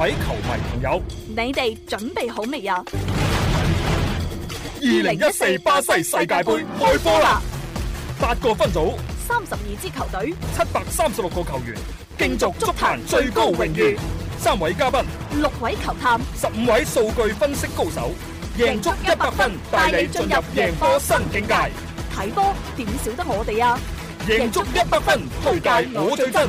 各位球迷朋友，你哋準備好未啊？二零一四巴西世界盃開波啦！八個分組，三十二支球隊，七百三十六個球員，競逐足壇最高榮譽。三位嘉賓，六位球探，十五位數據分析高手，贏足一百分，帶你進入贏波新境界。睇波點少得我哋啊！贏足一百分推介我最真。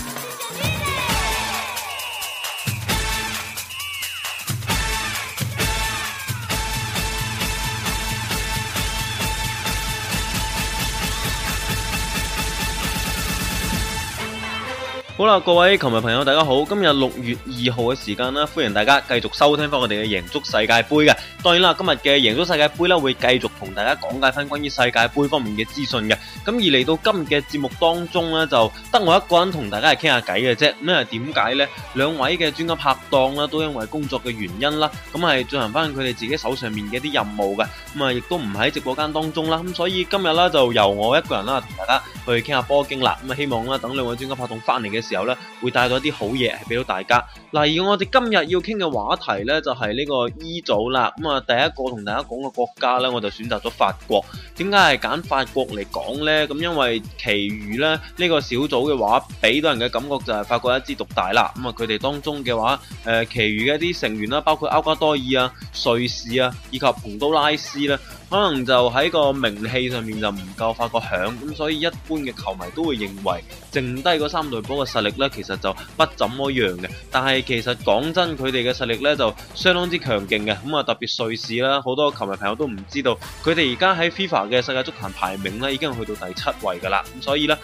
好啦，各位球迷朋友，大家好！今日六月二號嘅時間啦，歡迎大家繼續收聽返我哋嘅贏足世界杯。當然啦，今日嘅贏足世界盃咧，會繼續同大家講解翻關於世界盃方面嘅資訊嘅。咁而嚟到今日嘅節目當中咧，就得我一個人同大家係傾下偈嘅啫。咁啊，點解咧？兩位嘅專家拍檔啦，都因為工作嘅原因啦，咁係進行翻佢哋自己手上面嘅啲任務嘅。咁啊，亦都唔喺直播間當中啦。咁所以今日啦，就由我一個人啦，同大家去傾下波經啦。咁啊，希望啦，等兩位專家拍檔翻嚟嘅時候咧，會帶到一啲好嘢係俾到大家。嗱，而我哋今日要傾嘅話題咧，就係呢個 E 組啦。咁啊～啊！第一個同大家講嘅國家呢，我就選擇咗法國。點解係揀法國嚟講呢？咁因為其餘咧呢、呢個小組嘅話俾到人嘅感覺就係法國一枝獨大啦。咁、嗯、啊，佢哋當中嘅話誒、呃，其餘嘅一啲成員啦，包括歐加多爾啊、瑞士啊，以及蓬都拉斯啦、啊。可能就喺個名氣上面就唔夠發個響咁，所以一般嘅球迷都會認為剩低嗰三隊波嘅實力呢，其實就不怎麼樣嘅。但係其實講真，佢哋嘅實力呢就相當之強勁嘅咁啊。特別瑞士啦，好多球迷朋友都唔知道佢哋而家喺 FIFA 嘅世界足壇排名呢已經去到第七位噶啦。咁、嗯、所以呢，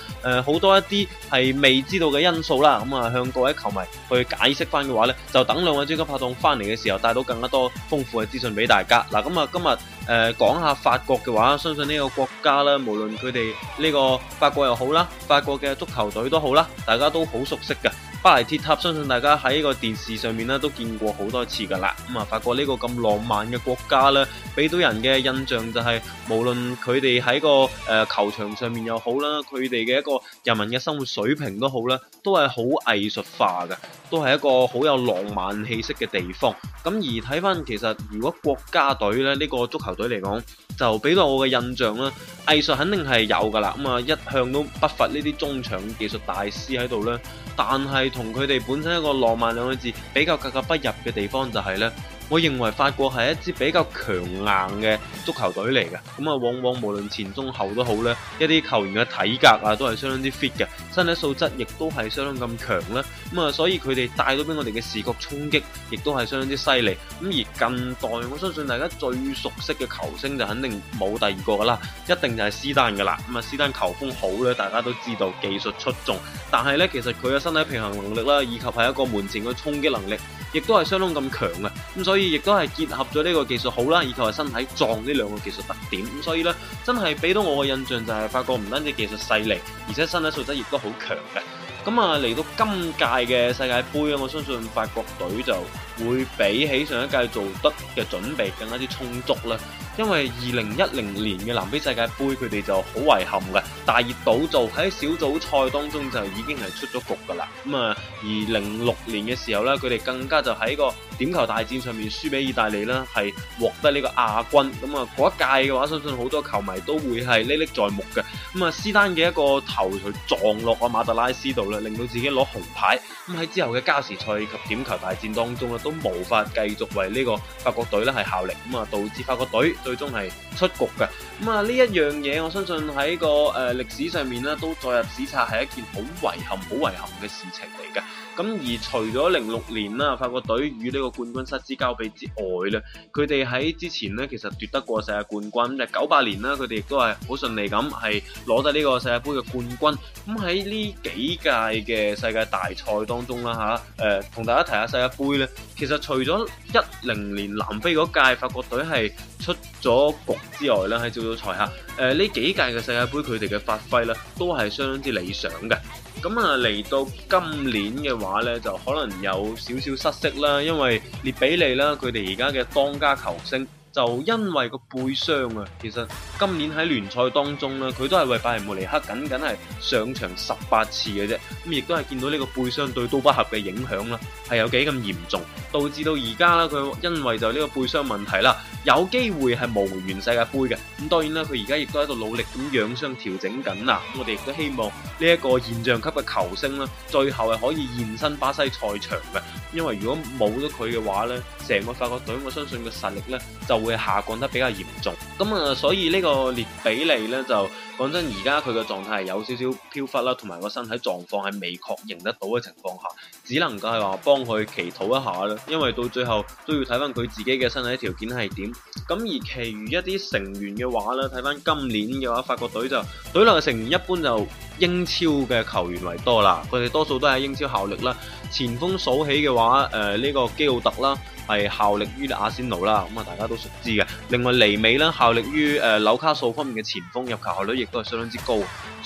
好、呃、多一啲係未知道嘅因素啦，咁、嗯、啊向各位球迷去解釋翻嘅話呢，就等兩位專家拍檔翻嚟嘅時候，帶到更加多豐富嘅資訊俾大家嗱。咁啊、嗯，今日。誒講下法國嘅話，相信呢個國家啦，無論佢哋呢個法國又好啦，法國嘅足球隊都好啦，大家都好熟悉嘅。巴黎鐵塔，相信大家喺個電視上面咧都見過好多次噶啦。咁啊，法國呢個咁浪漫嘅國家咧，俾到人嘅印象就係、是、無論佢哋喺個誒、呃、球場上面又好啦，佢哋嘅一個人民嘅生活水平都好啦，都係好藝術化嘅，都係一個好有浪漫氣息嘅地方。咁而睇翻其實，如果國家隊咧呢、這個足球隊嚟講，就俾到我嘅印象啦，藝術肯定係有噶啦。咁啊，一向都不乏呢啲中場技術大師喺度咧。但係同佢哋本身一個浪漫兩個字比較格格不入嘅地方就係咧。我認為法國係一支比較強硬嘅足球隊嚟嘅，咁啊，往往無論前中後都好咧，一啲球員嘅體格啊，都係相當之 fit 嘅，身體素質亦都係相當咁強啦。咁啊，所以佢哋帶到俾我哋嘅視覺衝擊，亦都係相當之犀利。咁而近代，我相信大家最熟悉嘅球星就肯定冇第二個噶啦，一定就係斯丹噶啦。咁啊，斯丹球風好咧，大家都知道技術出眾，但係咧，其實佢嘅身體平衡能力啦，以及係一個門前嘅衝擊能力。亦都係相當咁強嘅，咁所以亦都係結合咗呢個技術好啦，以及係身體壯呢兩個技術特點，咁所以咧，真係俾到我嘅印象就係法國唔單止技術細膩，而且身體素質亦都好強嘅。咁啊，嚟到今屆嘅世界杯啊，我相信法國隊就會比起上一屆做得嘅準備更加之充足啦。因為二零一零年嘅南非世界杯佢哋就好遺憾嘅，大熱倒灶喺小組賽當中就已經係出咗局噶啦。咁啊，二零六年嘅時候咧，佢哋更加就喺個點球大戰上面輸俾意大利啦，係獲得呢個亞軍。咁啊，嗰一屆嘅話，相信好多球迷都會係歷歷在目嘅。咁啊，斯丹嘅一個頭槌撞落啊馬特拉斯度咧，令到自己攞紅牌。咁喺之後嘅加時賽及點球大戰當中咧，都無法繼續為呢個法國隊咧係效力，咁啊導致法國隊。最終係出局嘅，咁啊，呢一樣嘢，我相信喺個誒、呃、歷史上面咧，都載入史冊係一件好遺憾、好遺憾嘅事情嚟嘅。咁而除咗零六年啦，法國隊與呢個冠軍失之交臂之外咧，佢哋喺之前咧，其實奪得過世界冠軍，即九八年啦，佢哋亦都係好順利咁係攞得呢個世界杯嘅冠軍。咁喺呢幾屆嘅世界大賽當中啦，吓、呃、誒同大家提一下世界杯咧，其實除咗一零年南非嗰屆，法國隊係出咗局之外咧，喺小組賽下，誒、呃、呢幾屆嘅世界杯佢哋嘅發揮咧，都係相當之理想嘅。咁啊，嚟到今年嘅話咧，就可能有少少失色啦，因為列比利啦，佢哋而家嘅當家球星。就因為個背傷啊，其實今年喺聯賽當中咧，佢都係為拜仁慕尼黑僅僅係上場十八次嘅啫，咁亦都係見到呢個背傷對刀疤俠嘅影響啦，係有幾咁嚴重，導致到而家啦佢因為就呢個背傷問題啦，有機會係無緣世界盃嘅。咁當然啦，佢而家亦都喺度努力咁養傷調整緊啊。我哋亦都希望呢一個現象級嘅球星啦，最後係可以現身巴西賽場嘅。因為如果冇咗佢嘅話咧，成個法國隊我相信個實力咧就～會下降得比較嚴重，咁啊，所以呢個列比利咧，就講真，而家佢嘅狀態係有少少飄忽啦，同埋個身體狀況係未確認得到嘅情況下。只能夠係話幫佢祈禱一下啦，因為到最後都要睇翻佢自己嘅身體條件係點。咁而其餘一啲成員嘅話咧，睇翻今年嘅話，法國隊就隊內嘅成員一般就英超嘅球員為多啦，佢哋多數都喺英超效力啦。前鋒數起嘅話，誒、呃、呢、這個基奧特啦，係效力於阿仙奴啦，咁啊大家都熟知嘅。另外，尼美啦效力於誒紐、呃、卡素方面嘅前鋒入球效率亦都係相當之高。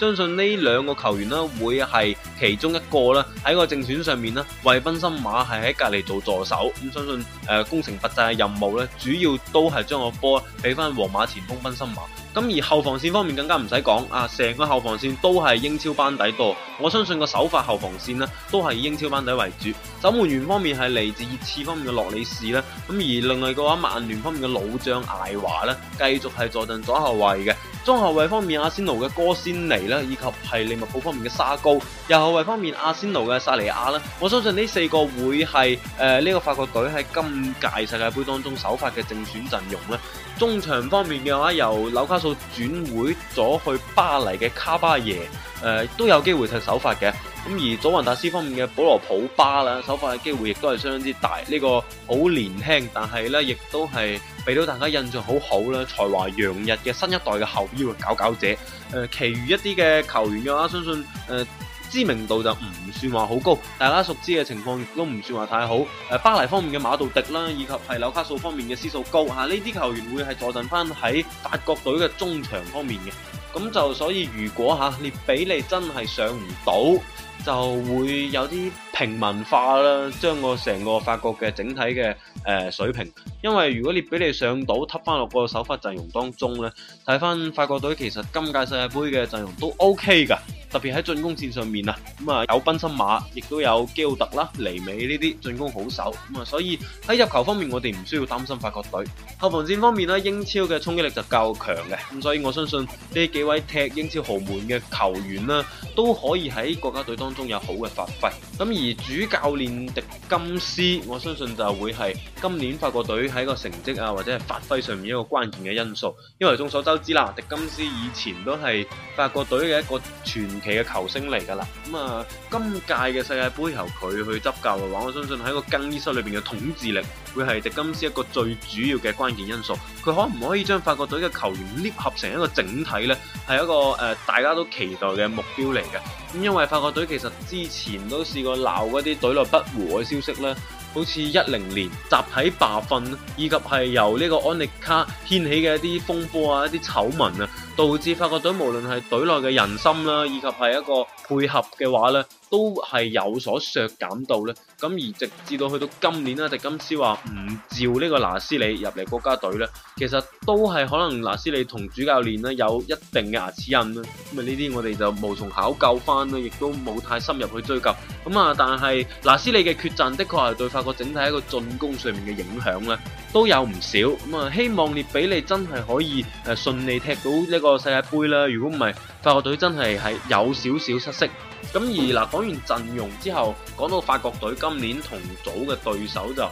相信呢兩個球員呢會係其中一個啦，喺個正選上面呢，維賓施馬係喺隔離做助手，咁相信、呃、攻城拔寨嘅任務呢，主要都係將個波俾翻皇馬前鋒賓施馬。咁而後防線方面更加唔使講，啊成個後防線都係英超班底多。我相信個首發後防線呢都係以英超班底為主。守門員方面係嚟自熱刺方面嘅洛里士咧，咁而另外嘅話曼聯方面嘅老將艾華呢，繼續係坐鎮左後衞嘅。中後衛方面，阿仙奴嘅哥仙尼啦，以及係利物浦方面嘅沙高；右後衛方面，阿仙奴嘅薩尼亞啦。我相信呢四個會係誒呢個法國隊喺今屆世界杯當中首發嘅正選陣容啦。中場方面嘅話，由紐卡素轉會咗去巴黎嘅卡巴耶、呃，都有機會踢首發嘅。咁而祖雲達斯方面嘅保羅普巴啦，首發嘅機會亦都係相當之大。呢、這個好年輕，但係咧亦都係俾到大家印象好好啦，才華洋溢嘅新一代嘅後腰嘅佼佼者、呃。其餘一啲嘅球員嘅話，相信、呃知名度就唔算話好高，大家熟知嘅情況亦都唔算話太好。誒，巴黎方面嘅馬杜迪啦，以及係紐卡素方面嘅思素高吓，呢、啊、啲球員會係坐陣翻喺法國隊嘅中場方面嘅。咁就所以，如果吓、啊、列比利真係上唔到。就會有啲平民化啦，將個成個法國嘅整體嘅、誒、呃、水平，因為如果你俾你上到扱翻落個首發陣容當中咧，睇翻法國隊其實今屆世界盃嘅陣容都 OK 噶特別喺進攻線上面啊，咁、嗯、啊有賓斯馬，亦都有基奧特啦、尼美呢啲進攻好手，咁、嗯、啊所以喺入球方面，我哋唔需要擔心法國隊。後防線方面咧，英超嘅衝擊力就較強嘅，咁所以我相信呢幾位踢英超豪門嘅球員啦，都可以喺國家隊當。中有好嘅發揮，咁而主教練迪金斯，我相信就會係今年法國隊喺個成績啊，或者係發揮上面一個關鍵嘅因素，因為眾所周知啦，迪金斯以前都係法國隊嘅一個傳奇嘅球星嚟㗎啦。咁啊，今屆嘅世界盃由佢去執教嘅話，我相信喺個更衣室裏邊嘅統治力，會係迪金斯一個最主要嘅關鍵因素。佢可唔可以將法國隊嘅球員捏合成一個整體呢？係一個誒、呃，大家都期待嘅目標嚟嘅。咁因為法國隊其實之前都試過鬧嗰啲隊內不和嘅消息咧。好似一零年集體罷訓，以及係由呢個安力卡掀起嘅一啲風波啊、一啲醜聞啊，導致法國隊無論係隊內嘅人心啦，以及係一個配合嘅話咧。都係有所削減到呢。咁而直至到去到今年呢，迪金斯話唔召呢個拿斯里入嚟國家隊呢，其實都係可能拿斯里同主教練呢有一定嘅牙齒印啦。咁啊，呢啲我哋就無從考究翻啦，亦都冇太深入去追究。咁啊，但係拿斯里嘅缺陣的確係對法國整體一個進攻上面嘅影響呢，都有唔少。咁啊，希望列比利真係可以誒順利踢到呢個世界盃啦。如果唔係，法國隊真係係有少少失色。咁而嗱，講完陣容之後，講到法國隊今年同組嘅對手就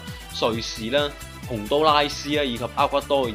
瑞士啦、洪都拉斯啦，以及厄瓜多爾，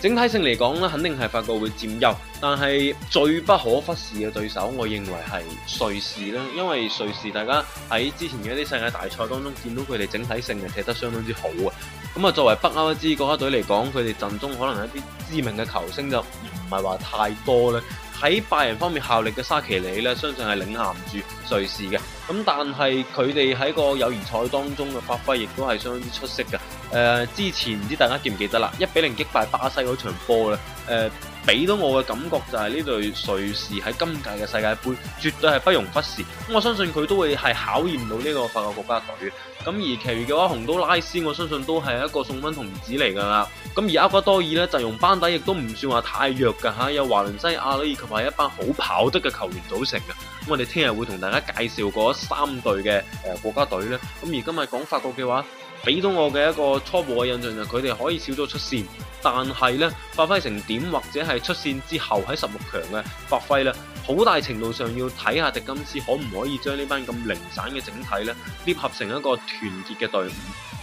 整體性嚟講咧，肯定係法國會佔優。但係最不可忽視嘅對手，我認為係瑞士啦，因為瑞士大家喺之前嘅一啲世界大賽當中見到佢哋整體性係踢得相當之好啊。咁啊，作為北歐一支國家隊嚟講，佢哋陣中可能一啲知名嘅球星就唔係話太多咧。喺拜仁方面效力嘅沙奇里咧，相信係領銜唔住瑞士嘅，噉但係佢哋喺個友誼賽當中嘅發揮亦都係相當之出色嘅。誒、呃，之前唔知大家記唔記得啦，一比零擊敗巴西嗰場波咧，誒、呃，俾到我嘅感覺就係呢隊瑞士喺今屆嘅世界杯絕對係不容忽視。咁我相信佢都會係考驗到呢個法國國家隊。咁而其餘嘅話，洪都拉斯我相信都係一個送分童子嚟噶啦。咁而厄瓜多爾呢，陣容班底亦都唔算話太弱噶吓，有華倫西亞，同埋一班好跑得嘅球員組成嘅。咁我哋聽日會同大家介紹嗰三隊嘅誒國家隊咧。咁而今日講法國嘅話。俾到我嘅一個初步嘅印象就，佢哋可以少咗出線，但係咧發揮成點或者係出線之後喺十六強嘅發揮啦，好大程度上要睇下迪金斯可唔可以將呢班咁零散嘅整體咧，捏合成一個團結嘅隊伍，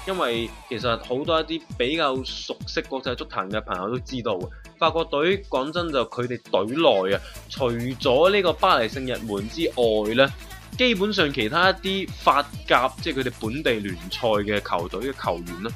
因為其實好多一啲比較熟悉國際足壇嘅朋友都知道嘅，法國隊講真的就佢哋隊內啊，除咗呢個巴黎聖日門之外咧。基本上其他一啲法甲，即係佢哋本地聯賽嘅球隊嘅球員啦。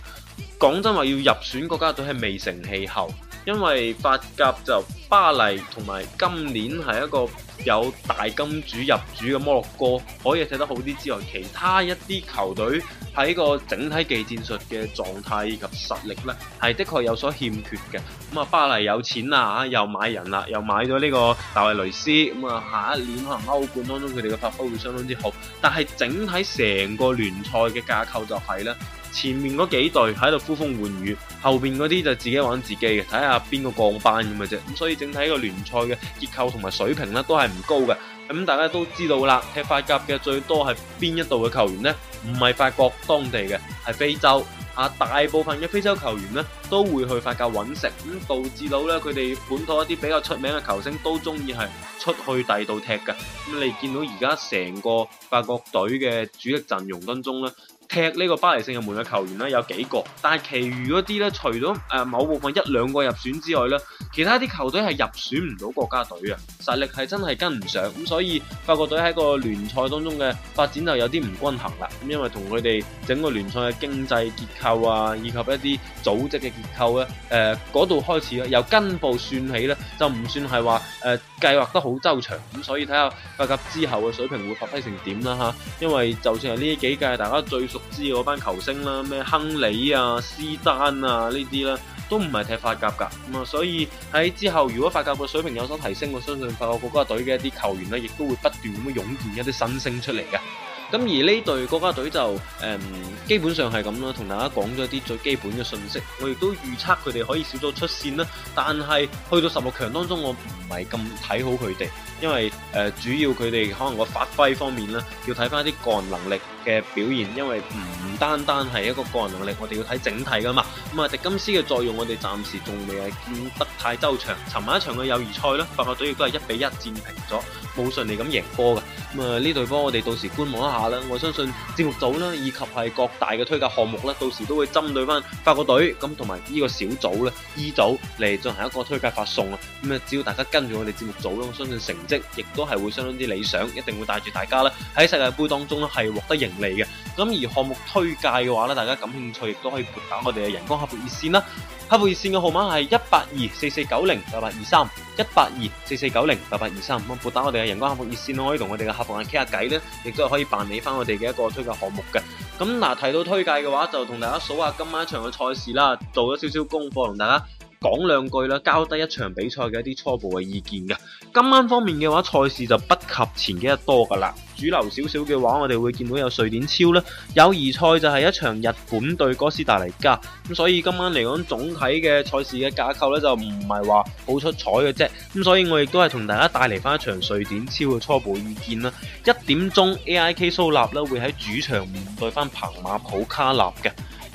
講真話，要入選國家隊係未成氣候，因為法甲就巴黎同埋今年係一個有大金主入主嘅摩洛哥，可以踢得好啲之外，其他一啲球隊。喺個整體技戰術嘅狀態以及實力咧，係的確有所欠缺嘅。咁啊，巴黎有錢啦，又買人啦，又買咗呢個大衛雷斯。咁啊，下一年可能歐冠當中佢哋嘅發揮會相當之好。但係整體成個聯賽嘅架構就係咧，前面嗰幾隊喺度呼風喚雨，後邊嗰啲就自己玩自己嘅，睇下邊個降班咁嘅啫。咁所以整體個聯賽嘅結構同埋水平咧，都係唔高嘅。咁、嗯、大家都知道啦，踢法甲嘅最多係邊一度嘅球員呢？唔係法國當地嘅，係非洲。啊，大部分嘅非洲球員呢，都會去法甲揾食，咁、嗯、導致到呢，佢哋本土一啲比較出名嘅球星都中意係出去第二度踢嘅。咁、嗯、你見到而家成個法國隊嘅主力陣容當中呢。踢呢個巴黎聖日門嘅球員咧有幾個，但係其餘嗰啲咧除咗誒、呃、某部分一兩個入選之外咧，其他啲球隊係入選唔到國家隊啊，實力係真係跟唔上，咁所以法國隊喺個聯賽當中嘅發展就有啲唔均衡，啦，咁因為同佢哋整個聯賽嘅經濟結構啊，以及一啲組織嘅結構咧，誒嗰度開始啦，由根部算起咧就唔算係話誒計劃得好周詳，咁所以睇下法國之後嘅水平會發揮成點啦吓，因為就算係呢幾屆大家最熟。知嗰班球星啦，咩亨利啊、斯丹啊呢啲啦，都唔係踢法甲㗎。咁啊，所以喺之後如果法甲嘅水平有所提升，我相信法國國家隊嘅一啲球員咧，亦都會不斷咁樣湧現一啲新星出嚟嘅。咁而呢隊國家隊就誒、呃，基本上係咁啦，同大家講咗一啲最基本嘅信息。我亦都預測佢哋可以少咗出線啦，但係去到十六強當中我不是那麼看，我唔係咁睇好佢哋。因為誒、呃、主要佢哋可能個發揮方面啦，要睇翻啲個人能力嘅表現，因為唔單單係一個個人能力，我哋要睇整體噶嘛。咁、嗯、啊，迪金斯嘅作用我哋暫時仲未係見得太周詳。尋晚一場嘅友誼賽啦，法國隊亦都係一比一戰平咗，冇順利咁贏波㗎。咁、嗯、啊，呢隊波我哋到時觀望一下啦。我相信節目組啦，以及係各大嘅推介項目啦，到時都會針對翻法國隊咁，同埋呢個小組咧 E 組嚟進行一個推介發送啊。咁、嗯、啊，只要大家跟住我哋節目組啦，我相信成。亦都係會相當之理想，一定會帶住大家咧喺世界盃當中咧係獲得盈利嘅。咁而項目推介嘅話咧，大家感興趣亦都可以撥打我哋嘅人工客服熱線啦。客服熱線嘅號碼係一八二四四九零八八二三一八二四四九零八八二三。咁撥打我哋嘅人工客服熱線可以同我哋嘅客服員傾下偈咧，亦都係可以辦理翻我哋嘅一個推介項目嘅。咁嗱，提到推介嘅話，就同大家數下今晚一場嘅賽事啦。做咗少少功課同大家。講兩句啦，交低一場比賽嘅一啲初步嘅意見嘅。今晚方面嘅話，賽事就不及前幾日多噶啦。主流少少嘅話，我哋會見到有瑞典超啦。友誼賽就係一場日本對哥斯達黎加。咁所以今晚嚟講，總體嘅賽事嘅架構咧就唔係話好出彩嘅啫。咁所以我亦都係同大家帶嚟翻一場瑞典超嘅初步意見啦。一點鐘 A I K 蘇納咧會喺主場對翻彭馬普卡納嘅。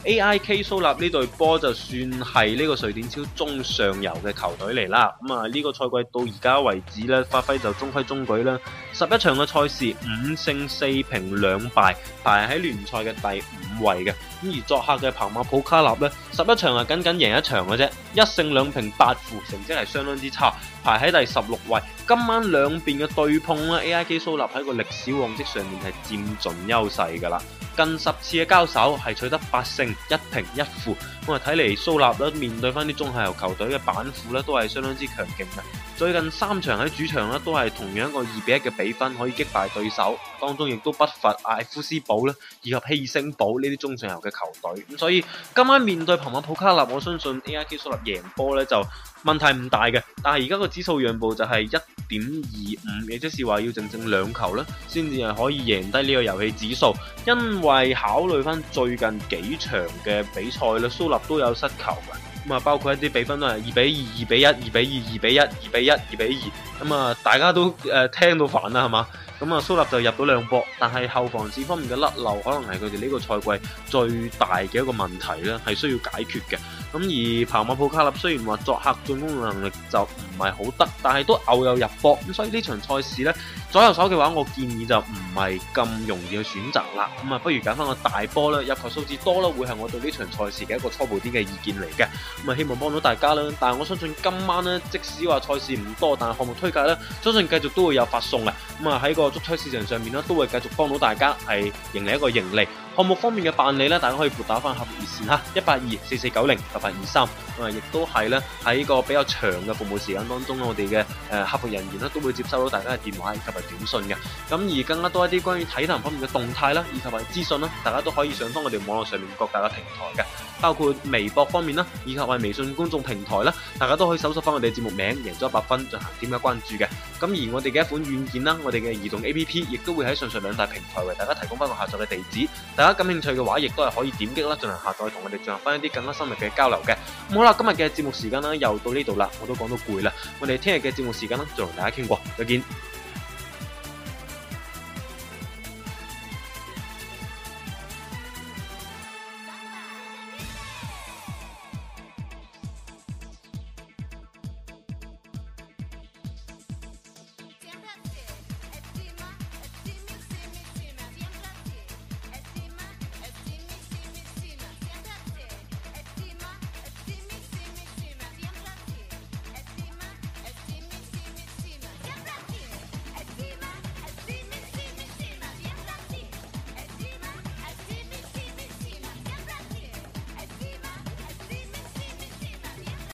A.I.K 蘇立呢隊波就算係呢個瑞典超中上游嘅球隊嚟啦，咁啊呢個賽季到而家為止咧，發揮就中規中矩啦。十一場嘅賽事五勝四平兩敗，排喺聯賽嘅第五位嘅。咁而作客嘅彭馬普卡納咧，十一場係僅僅贏一場嘅啫，一勝兩平八負，成績係相當之差。排喺第十六位。今晚兩邊嘅對碰呢 A I K 蘇納喺個歷史往績上面係佔盡優勢噶啦。近十次嘅交手係取得八勝一平一負。咁啊，睇嚟蘇納咧面對翻啲中下游球，球隊嘅板斧呢，都係相當之強勁嘅。最近三場喺主場呢，都係同樣一個二比一嘅比分可以擊敗對手，當中亦都不乏艾夫斯堡呢，以及希星堡呢啲中上游嘅球隊。咁所以今晚面對彭馬普卡納，我相信 A I K 蘇納贏波呢就。問題唔大嘅，但係而家個指數讓步就係一點二五，亦即是話要整整兩球啦，先至係可以贏低呢個遊戲指數。因為考慮翻最近幾場嘅比賽啦，蘇立都有失球嘅。咁啊，包括一啲比分都係二比二、二比一、二比二、二比一、二比一、二比二，咁啊大家都誒聽到煩啦，係嘛？咁啊，蘇立就入到兩波，但係後防線方面嘅甩漏，可能係佢哋呢個賽季最大嘅一個問題咧，係需要解決嘅。咁而帕馬普卡納雖然話作客進攻能力就唔係好得，但係都偶有入波，咁所以呢場賽事咧。左右手嘅話，我建議就唔係咁容易去選擇啦。咁啊，不如揀翻個大波啦，入球數字多啦，會係我對呢場賽事嘅一個初步啲嘅意見嚟嘅。咁啊，希望幫到大家啦。但係我相信今晚呢，即使話賽事唔多，但係項目推介咧，相信繼續都會有發送嘅。咁啊，喺個足彩市場上面呢，都會繼續幫到大家係盈利一個盈利。項目方面嘅辦理咧，大家可以撥打翻客服熱線哈，23, 一八二四四九零九八二三。咁啊，亦都係咧喺個比較長嘅服務時間當中我哋嘅誒客服人員咧都會接收到大家嘅電話以及係短信嘅。咁而更加多一啲關於體能方面嘅動態啦，以及係資訊啦，大家都可以上翻我哋網絡上面各大嘅平台嘅。包括微博方面啦，以及為微信公眾平台啦，大家都可以搜索翻我哋節目名，贏咗一百分進行點擊關注嘅。咁而我哋嘅一款軟件啦，我哋嘅移動 A P P 亦都會喺上述兩大平台為大家提供翻個下載嘅地址。大家感興趣嘅話，亦都係可以點擊啦，進行下載同我哋進行翻一啲更加深入嘅交流嘅。好啦，今日嘅節目時間啦，又到呢度啦，我都講到攰啦。我哋聽日嘅節目時間啦，再同大家傾過，再見。